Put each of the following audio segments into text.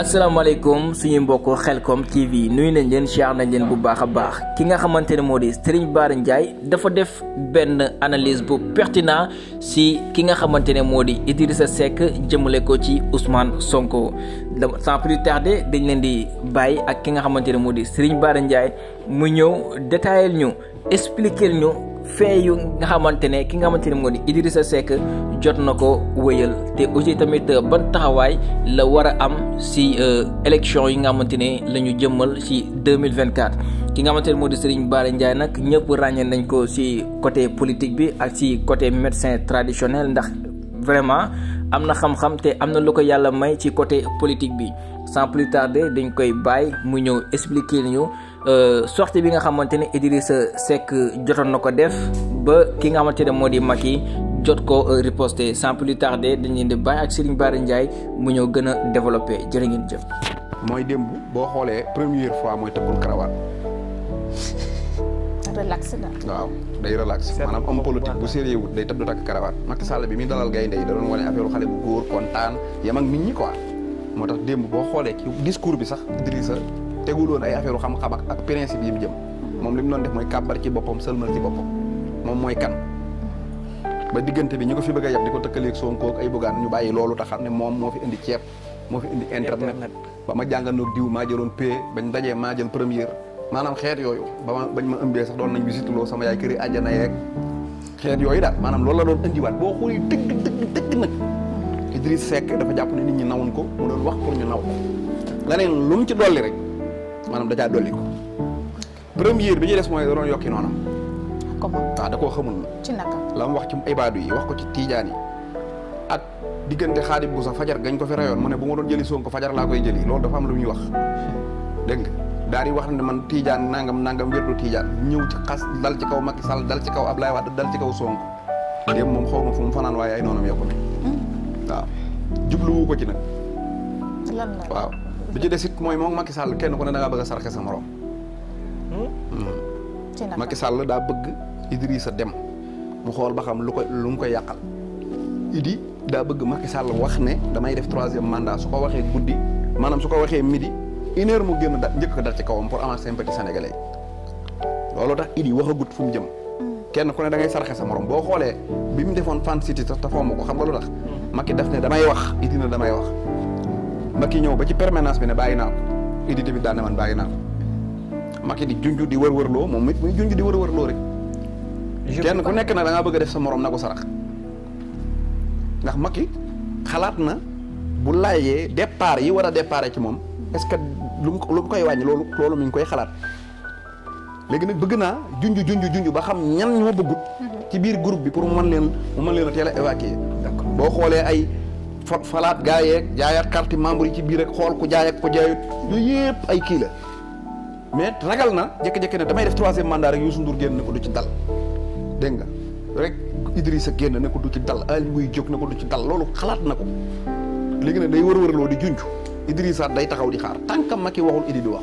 asalaamaaleykum suñu mbokk Xelcom TV nuyu nañ leen siyaar nañ leen bu baax a baax ki nga xamante ne moo di Serigne baara Ndiaye dafa def benn analyse bu pertinant si ki nga xamante ne moo di Idrissa Seck jëmale ko ci Ousmane Sonko sans plus tarder dañ leen di bàyyi ak ki nga xamante ne moo di Serigne Bara Ndiaye mu ñëw détaillé ñu expliqué ñu. fee nga xamantene ki nga xamantene mo ni Idrissa Seck jot ko te aussi tamit euh, ban taxaway la wara am si election euh, yi nga xamantene lañu jëmmal si 2024 ki nga xamantene ne di Serigne Bara Ndiaye nak ñepp rañé nañ ko si côté politique bi ak si côté médecin traditionnel ndax vraiment amna na xam-xam te am na lu ko yalla may ci côté politique bi sans plus tarder dañ koy bay mu ñëw expliquer ñu euh sortie bi nga xamantene Idrissa Seck jotoon nako def ba ki nga xamantene modi moo Macky jot ko euh, riposté sans plus tarder dañ leen di bàyyi ak Serigne Bara Ndiaye mu ñëw gëna développer jëre ngeen jëf. moy dembu bo xolé première fois moy tëkkul karawat relax na. waaw day relax manam am politique bu sérieux wut day tëdd tak karawat Macky Sall bi mi dalal gaynde yi da doon woné affaire xalé bu góor contane yam ak nit ñi quoi. moo tax démb boo xoolee ci discours bi sax Idrissa tegul woon ay affaire xam-xam ak ak principe yi mu jëm moom li mu doon def mooy kàbbar ci boppam sëlmal ci boppam moom mooy kan ba diggante bi ñu ko fi bëgg a yab ko tëkkaleeg Sonko ak ay bugaan ñu bàyyi loolu tax xam ne moom moo fi indi ceeb moo fi indi internet ba ma jànganoog diw maa jëloon pay bañ dajee maa jël maanaam xeet yooyu ba ma bañ ma ëmbee sax doon nañ visite loo sama yaay këri àjjana yeeg xeet yooyu daal maanaam loolu la doon indiwaat boo xoolee dëgg dëgg dëgg nag Idriss Seck dafa jàpp ne nit ñi nawuñ ko mu doon wax pour ñu naw ko leneen mu ci dolli rek maanaam da caa dolli ko première bi ñu des mooy da doon yokki noonam. comment waaw ah, da koo xamul ci naka la mu wax ci ibaadu yi wax ko ci tiijaan yi ak diggante xaadim bu sax fajar gañ ko fi rayoon mu ne bu ma doon jëli Sonko fajar laa koy jëli loolu dafa am lu muy wax dégg nga daal di wax ne man tiijaan nangam nangam wérdu tiijaan ñëw ci xas dal ci kaw Macky Sall dal ci kaw laay Wade dal ci kaw Sonko. démb moom xaw ma fu mu fanaan waaw jubluwu ko ci nag. lan la waaw bi ci des it mooy moom Macky Sall kenn ku ne da ngaa bëgg a sarxe sa morom. Hmm? Hmm. Macky Sall daa bëgg Idrissa dem mu xool ba xam lu ko lu mu koy yàqal. Idi daa bëgg Macky Sall wax ne damay def troisième mandat su ko waxee guddi maanaam su ko waxee midi une heure mu génn da njëkk ko dal ci kawam pour amaat sympathie sénégalais loolu tax Idi waxagut fu mu jëm. Hmm. kenn ku ne da ngay sarxe sa morom boo xoolee bi mu defoon fan city tax ko xam nga lu tax maki daf ne damay wax Idi ne damay wax maki ñew ba ci permanence bi ne bayina ko Idi tamit daan man bayina naa ko Macky di junju di wër-wërloo moom it muy junju di wër-wërloo rek. kenn ku nekk na da nga bëgg def sa morom nako sarax ndax maki xalaat na bu laajee départ yi wara départ ci mom est-ce que lu lu koy wañ lolu lolu mi ngi koy xalaat légui nak bëgg na junju junju junju ba xam ñan ñoo bëgg mhm. ci biir groupe bi pour mu man leen mu man leen a évacuer d'accord boo xoolee ay falaat gaa yeeg jaayaat carte membre yi ci biir rek xool ku jaayaat ak ko jaayut yooyu yëpp ay kii la mais ragal na jekki jékki ne damay def troisième mandat rek Youssou Ndour génn na ko du ci dal dégg nga rek Idrissa génn ne ko du ci dal Aly Ngouille jóg na ko du ci dal loolu xalaat na ko léegi nag day wër-wërloo di junj Idrissa day taxaw di xaar tant que Macky waxul Idi di wax.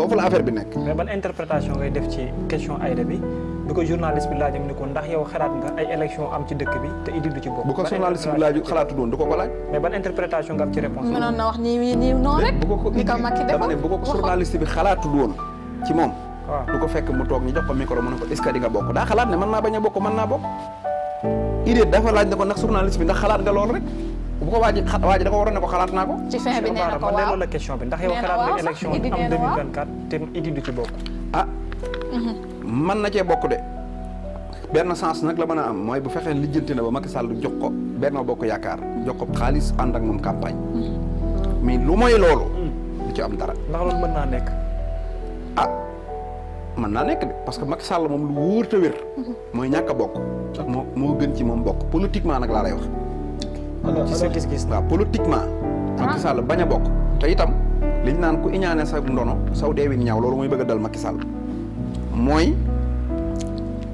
foofu la affaire bi nekk. mais ban interprétation ngay def ci question Aïda bi bi ko journaliste bi laaj am ni ko ndax yow xalaat nga ay élection am ci dëkk bi te Idy du ci bokk. bu ko journaliste bi laaj doon ci na wax moom. du ko fekk mu toog ñu jox ko micro mu ne ko est di nga bokk daa xalaat ne mën naa bañ a bokk mën naa bokk. Idy dafa laaj ne ko ndax journaliste bi ndax xalaat nga lool rek bu ko waaji waaj da ko waroon ne ko xalaat naa ko. ci fin bi nee na ko waaw man de loolu la question bi ndax yow xalaat nga élection ah. mhm. na cee bokk de benn sens nag la mën a am mooy bu fexee lijjanti na ba Macky Sall jox ko Benno Bokk Yaakaar jox ko xaalis ànd ak moom campagne. Mhm. mais lu mooy loolu. Mm. du ci am dara. ndax loolu mën naa nekk. ah mën naa nekk de parce que Macky Sall moom lu wóor wér. Mhm. mooy ñàkk a bokk. moo moo gën ci moom bokk politiquement nag laa lay wax. man ci sa gis-gis laa politiquement. Macky ah. Sall bañ a bokk te itam liñ naan ku iñaane sa ndono saw deewi ñaaw loolu mooy bëgg dal Macky Sall mooy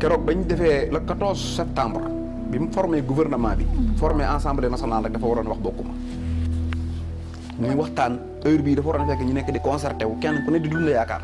keroog bañ defee le 14 septembre bi mu formé gouvernement bi. Hmm. formé assemblée nationale rek dafa waroon wax bokkuma. muy hmm. waxtaan heure bii dafa waroon fekk ñu nekk di concerté wu kenn ku ne di dund yaakaar.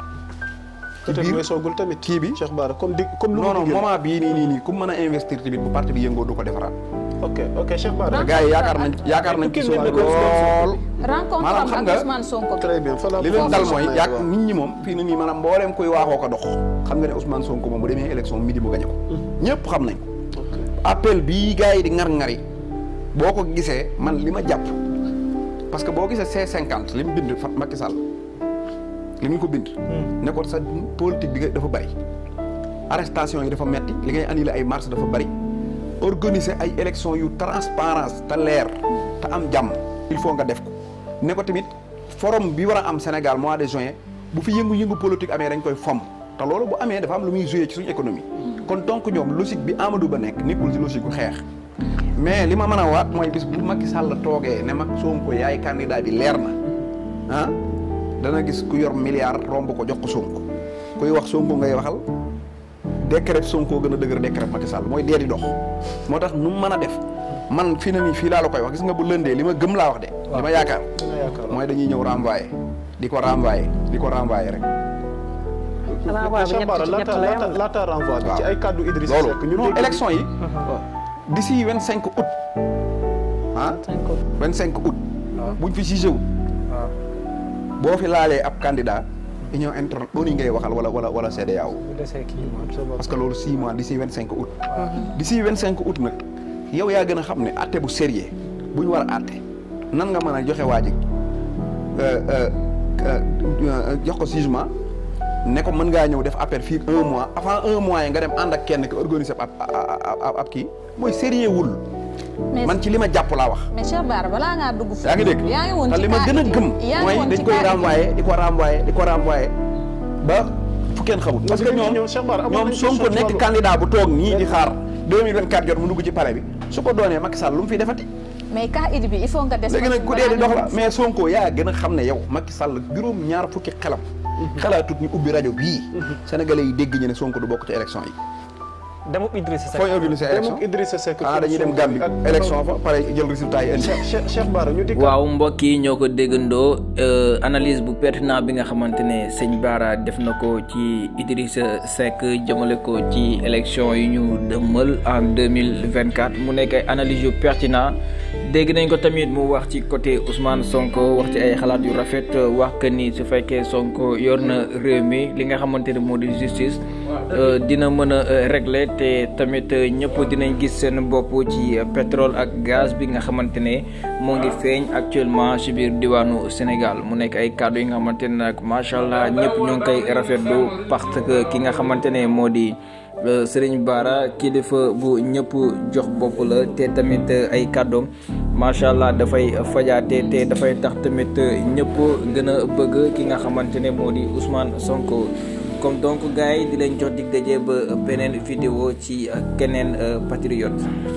ci biir mooy bi Cheikh Bara comme di comme. lu a investir tamit bu parti bi yëngoo du ko defaraat. oke ok Cheikh Bara gars yi yaakaar nañ yaakaar nañ ci Sonko gol rencontre am Ousmane Sonko très bien li leen dal moy yak nit ñi mom fi ni ni manam mbolem koy waxo ko dox xam nga ne Ousmane Sonko mom bu démé élection midi mu gañé ko ñepp xam nañ appel bi gars di ngar-ngari boko gisé man lima japp parce que bo gisé C50 lim bind Fat Macky Sall lim ko bind hmm. ne ko sa politique bi dafa bari arrestation yi dafa metti li ngay annulé ay marche dafa bari organiser ay élection yu transparence ta leer ta am jam il faut nga def ko ne ko tamit forum bi wara am Sénégal mois de juin bu fi yëngu-yëngu politique amee dañ koy fam ta loolu bu amee dafa am lu muy jouer ci suñu économie kon donc ñom logique bi Amadou Ba nek nekkul ci logique bu xex mais lima ma mën a waat mooy bis bu Macky Sall toogee ne mag Sonko yaay candidat bi leer na ah dana gis ku yor milliard romb ko jox ko Sonko kuy wax Sonko ngay waxal décret ko gën a dëgër décret Macky Sall mooy dee dox moo tax nu mu mën a def man fii na nii fii laalo la koy wax gis nga bu lëndee li ma gëm laa wax de li ma yaakaar mooy dañuy ñëw renvoyé di ko renvoyé di ko renvoyé rek laata laata renvoi bi ci ay kàddu Idrissa Seck ñu dégg élection yi d'ici vingt ah? cinq août ah vingt cinq août buñ fi jugé wut boo fi laalee ab candidat union internationale on ngay waxal wala wala wala cede yaw parce que lolu 6 mois d'ici 25 août d'ici 25 août nak yow ya gëna xamné xam bu sérieux buñ ñu war a nan nga mën a joxe euh euh jox ko jugement ne ko mën ngaa ñëw def appel fi 1 mois avant 1 mois ya nga dem and ak kenn ko organiser ap ap ki moy sérieux wul man ci li ma jàpp laa wax. mais Cheikh Bara balaa ngaa dugg. yaa ngi li ma gën a gëm. mooy ko renvoyé di ko renvoyé ba fu kenn xamul. parce que ñoom ñoom Sonko nekk candidat bu toog ñii di xaar 2024 mu dugg ci palais bi su ko doonee Macky Sall lu mu fiy defati. mais cas idi bi il faut nga des. mais Sonko yaa gën a xam ne yow Macky Sall juróom-ñaar fukki xelam. Mhm. xalaatut ñu ubbi rajo bii. Mhm. Sénégalais yi dégg ñu ne Sonko du bokk ci élection yi demuk Idrissa Seck. fooy organiser élection demuk Idrissa Seck. Ah, dem Gambie élection fa pare jël résultat yi. Cheikh Cheikh waaw mbokk yi ñoo ko déggandoo euh, analyse bu pertinent bi nga xamante ne sëñ Bara def na ko ci Idrissa Seck jëmale ko ci élection yi ñu dëmmal en deux mille vingt quatre mu nekk ay analyse yu pertinent dégg nañ ko tamit mu wax ci côté Ousmane Sonko wax ci ay xalaat yu rafet wax que ni su fekkee Sonko yor na réew mi li nga xamante ne moo di justice. Euh, dina mën a euh, régler te tamit euh, ñëpp dinañ gis seen bopp ci pétrole ak gaz bi nga xamante ne moo ngi feeñ actuellement ci biir diwaanu Sénégal mu nekk ay kàddu yi nga xamante ne nag allah ñëpp ñoo ngi koy rafetlu parce que ki nga xamante ne moo Serigne Bara kilifa bu ñëpp jox bopp la te tamit ay kàddoom macha allah dafay fajaate te dafay tax tamit ñëpp gën a bëgg ki nga xamante ne Ousmane Sonko comme donc gars yi di leen jox di daje ba beneen vidéo ci euh, keneen euh, patriote